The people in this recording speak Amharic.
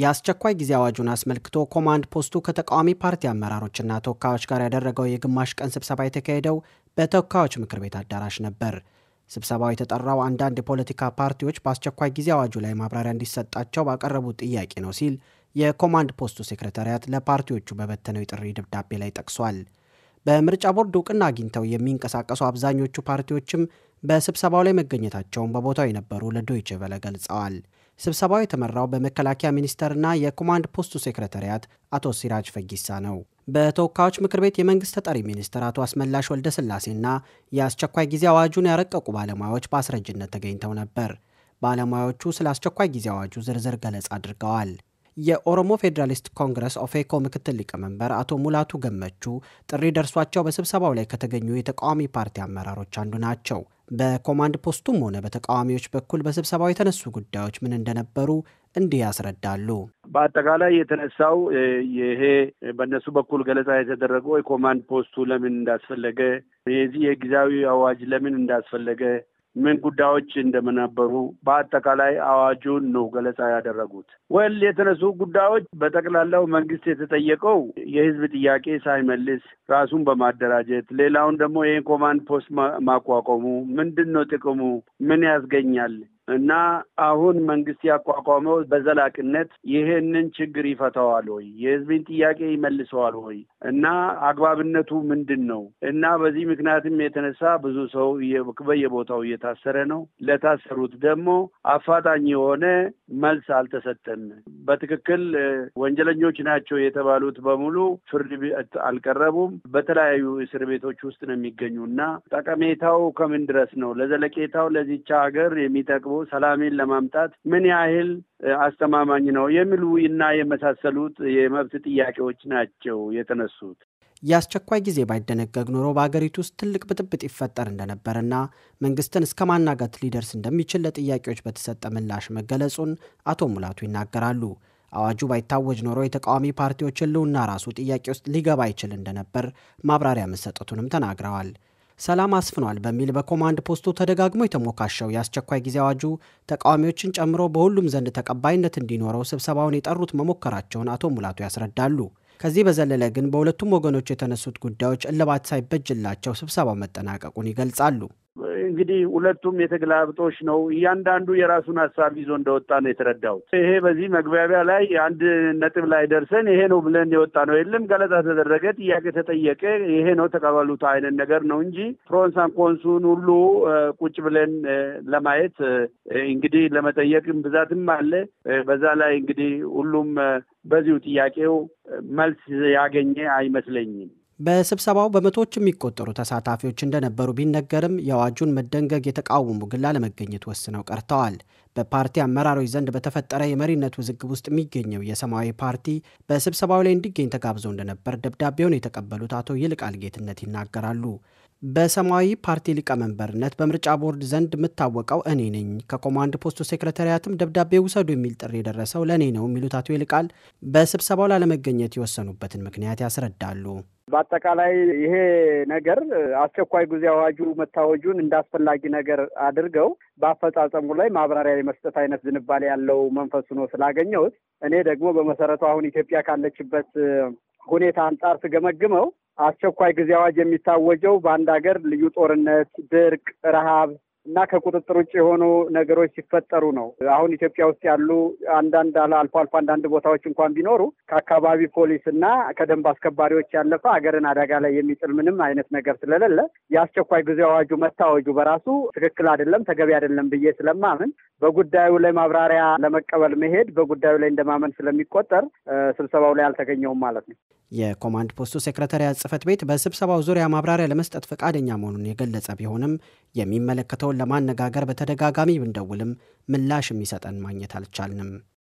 የአስቸኳይ ጊዜ አዋጁን አስመልክቶ ኮማንድ ፖስቱ ከተቃዋሚ ፓርቲ አመራሮችና ተወካዮች ጋር ያደረገው የግማሽ ቀን ስብሰባ የተካሄደው በተወካዮች ምክር ቤት አዳራሽ ነበር። ስብሰባው የተጠራው አንዳንድ የፖለቲካ ፓርቲዎች በአስቸኳይ ጊዜ አዋጁ ላይ ማብራሪያ እንዲሰጣቸው ባቀረቡት ጥያቄ ነው ሲል የኮማንድ ፖስቱ ሴክሬታሪያት ለፓርቲዎቹ በበተነው የጥሪ ደብዳቤ ላይ ጠቅሷል። በምርጫ ቦርድ እውቅና አግኝተው የሚንቀሳቀሱ አብዛኞቹ ፓርቲዎችም በስብሰባው ላይ መገኘታቸውን በቦታው የነበሩ ለዶይቼ ቬለ ገልጸዋል። ስብሰባው የተመራው በመከላከያ ሚኒስቴርና የኮማንድ ፖስቱ ሴክረታሪያት አቶ ሲራጅ ፈጊሳ ነው። በተወካዮች ምክር ቤት የመንግስት ተጠሪ ሚኒስትር አቶ አስመላሽ ወልደ ስላሴና የአስቸኳይ ጊዜ አዋጁን ያረቀቁ ባለሙያዎች በአስረጅነት ተገኝተው ነበር። ባለሙያዎቹ ስለ አስቸኳይ ጊዜ አዋጁ ዝርዝር ገለጻ አድርገዋል። የኦሮሞ ፌዴራሊስት ኮንግረስ ኦፌኮ ምክትል ሊቀመንበር አቶ ሙላቱ ገመቹ ጥሪ ደርሷቸው በስብሰባው ላይ ከተገኙ የተቃዋሚ ፓርቲ አመራሮች አንዱ ናቸው። በኮማንድ ፖስቱም ሆነ በተቃዋሚዎች በኩል በስብሰባው የተነሱ ጉዳዮች ምን እንደነበሩ እንዲህ ያስረዳሉ። በአጠቃላይ የተነሳው ይሄ በእነሱ በኩል ገለጻ የተደረገው የኮማንድ ፖስቱ ለምን እንዳስፈለገ፣ የዚህ የጊዜያዊ አዋጅ ለምን እንዳስፈለገ ምን ጉዳዮች እንደመነበሩ በአጠቃላይ አዋጁን ነው ገለጻ ያደረጉት። ወል የተነሱ ጉዳዮች በጠቅላላው መንግስት የተጠየቀው የህዝብ ጥያቄ ሳይመልስ ራሱን በማደራጀት ሌላውን ደግሞ ይህን ኮማንድ ፖስት ማቋቋሙ ምንድን ነው ጥቅሙ? ምን ያስገኛል? እና አሁን መንግስት ያቋቋመው በዘላቅነት ይህንን ችግር ይፈታዋል ወይ? የህዝብን ጥያቄ ይመልሰዋል ወይ? እና አግባብነቱ ምንድን ነው? እና በዚህ ምክንያትም የተነሳ ብዙ ሰው በየቦታው እየታሰረ ነው። ለታሰሩት ደግሞ አፋጣኝ የሆነ መልስ አልተሰጠም። በትክክል ወንጀለኞች ናቸው የተባሉት በሙሉ ፍርድ ቤት አልቀረቡም። በተለያዩ እስር ቤቶች ውስጥ ነው የሚገኙ እና ጠቀሜታው ከምን ድረስ ነው ለዘለቄታው ለዚቻ ሀገር የሚጠቅሙ ሰላሜን ለማምጣት ምን ያህል አስተማማኝ ነው የሚሉ እና የመሳሰሉት የመብት ጥያቄዎች ናቸው የተነሱት። የአስቸኳይ ጊዜ ባይደነገግ ኖሮ በአገሪቱ ውስጥ ትልቅ ብጥብጥ ይፈጠር እንደነበርና መንግስትን እስከ ማናጋት ሊደርስ እንደሚችል ለጥያቄዎች በተሰጠ ምላሽ መገለጹን አቶ ሙላቱ ይናገራሉ። አዋጁ ባይታወጅ ኖሮ የተቃዋሚ ፓርቲዎች ሕልውና ራሱ ጥያቄ ውስጥ ሊገባ ይችል እንደነበር ማብራሪያ መሰጠቱንም ተናግረዋል። ሰላም አስፍኗል በሚል በኮማንድ ፖስቱ ተደጋግሞ የተሞካሸው የአስቸኳይ ጊዜ አዋጁ ተቃዋሚዎችን ጨምሮ በሁሉም ዘንድ ተቀባይነት እንዲኖረው ስብሰባውን የጠሩት መሞከራቸውን አቶ ሙላቱ ያስረዳሉ። ከዚህ በዘለለ ግን በሁለቱም ወገኖች የተነሱት ጉዳዮች እልባት ሳይበጅላቸው ስብሰባው መጠናቀቁን ይገልጻሉ። እንግዲህ ሁለቱም የተገላብጦች ነው። እያንዳንዱ የራሱን ሀሳብ ይዞ እንደወጣ ነው የተረዳሁት። ይሄ በዚህ መግባቢያ ላይ አንድ ነጥብ ላይ ደርሰን ይሄ ነው ብለን የወጣ ነው የለም። ገለጻ ተደረገ፣ ጥያቄ ተጠየቀ፣ ይሄ ነው ተቀበሉት አይነት ነገር ነው እንጂ ፕሮንሳን ኮንሱን ሁሉ ቁጭ ብለን ለማየት እንግዲህ ለመጠየቅም ብዛትም አለ። በዛ ላይ እንግዲህ ሁሉም በዚሁ ጥያቄው መልስ ያገኘ አይመስለኝም። በስብሰባው በመቶዎች የሚቆጠሩ ተሳታፊዎች እንደነበሩ ቢነገርም የአዋጁን መደንገግ የተቃወሙ ግን ላለመገኘት ወስነው ቀርተዋል። በፓርቲ አመራሮች ዘንድ በተፈጠረ የመሪነት ውዝግብ ውስጥ የሚገኘው የሰማያዊ ፓርቲ በስብሰባው ላይ እንዲገኝ ተጋብዘው እንደነበር ደብዳቤውን የተቀበሉት አቶ ይልቃል ጌትነት ይናገራሉ። በሰማያዊ ፓርቲ ሊቀመንበርነት በምርጫ ቦርድ ዘንድ የምታወቀው እኔ ነኝ፣ ከኮማንድ ፖስቱ ሴክረታሪያትም ደብዳቤ ውሰዱ የሚል ጥሪ የደረሰው ለእኔ ነው የሚሉት አቶ ይልቃል በስብሰባው ላለመገኘት የወሰኑበትን ምክንያት ያስረዳሉ። በአጠቃላይ ይሄ ነገር አስቸኳይ ጊዜ አዋጁ መታወጁን አስፈላጊ ነገር አድርገው በአፈጻጸሙ ላይ ማብራሪያ የመስጠት አይነት ዝንባሌ ያለው መንፈሱ ነው ስላገኘሁት እኔ ደግሞ በመሰረቱ አሁን ኢትዮጵያ ካለችበት ሁኔታ አንጻር ስገመግመው አስቸኳይ ጊዜ አዋጅ የሚታወጀው በአንድ ሀገር ልዩ ጦርነት፣ ድርቅ፣ ረሃብ እና ከቁጥጥር ውጭ የሆኑ ነገሮች ሲፈጠሩ ነው። አሁን ኢትዮጵያ ውስጥ ያሉ አንዳንድ አልፎ አልፎ አንዳንድ ቦታዎች እንኳን ቢኖሩ ከአካባቢ ፖሊስ እና ከደንብ አስከባሪዎች ያለፈ ሀገርን አደጋ ላይ የሚጥል ምንም አይነት ነገር ስለሌለ የአስቸኳይ ጊዜ አዋጁ መታወጁ በራሱ ትክክል አይደለም፣ ተገቢ አይደለም ብዬ ስለማምን በጉዳዩ ላይ ማብራሪያ ለመቀበል መሄድ በጉዳዩ ላይ እንደማመን ስለሚቆጠር ስብሰባው ላይ አልተገኘውም ማለት ነው። የኮማንድ ፖስቱ ሴክረታሪያት ጽህፈት ቤት በስብሰባው ዙሪያ ማብራሪያ ለመስጠት ፈቃደኛ መሆኑን የገለጸ ቢሆንም የሚመለከተውን ለማነጋገር በተደጋጋሚ ብንደውልም ምላሽ የሚሰጠን ማግኘት አልቻልንም።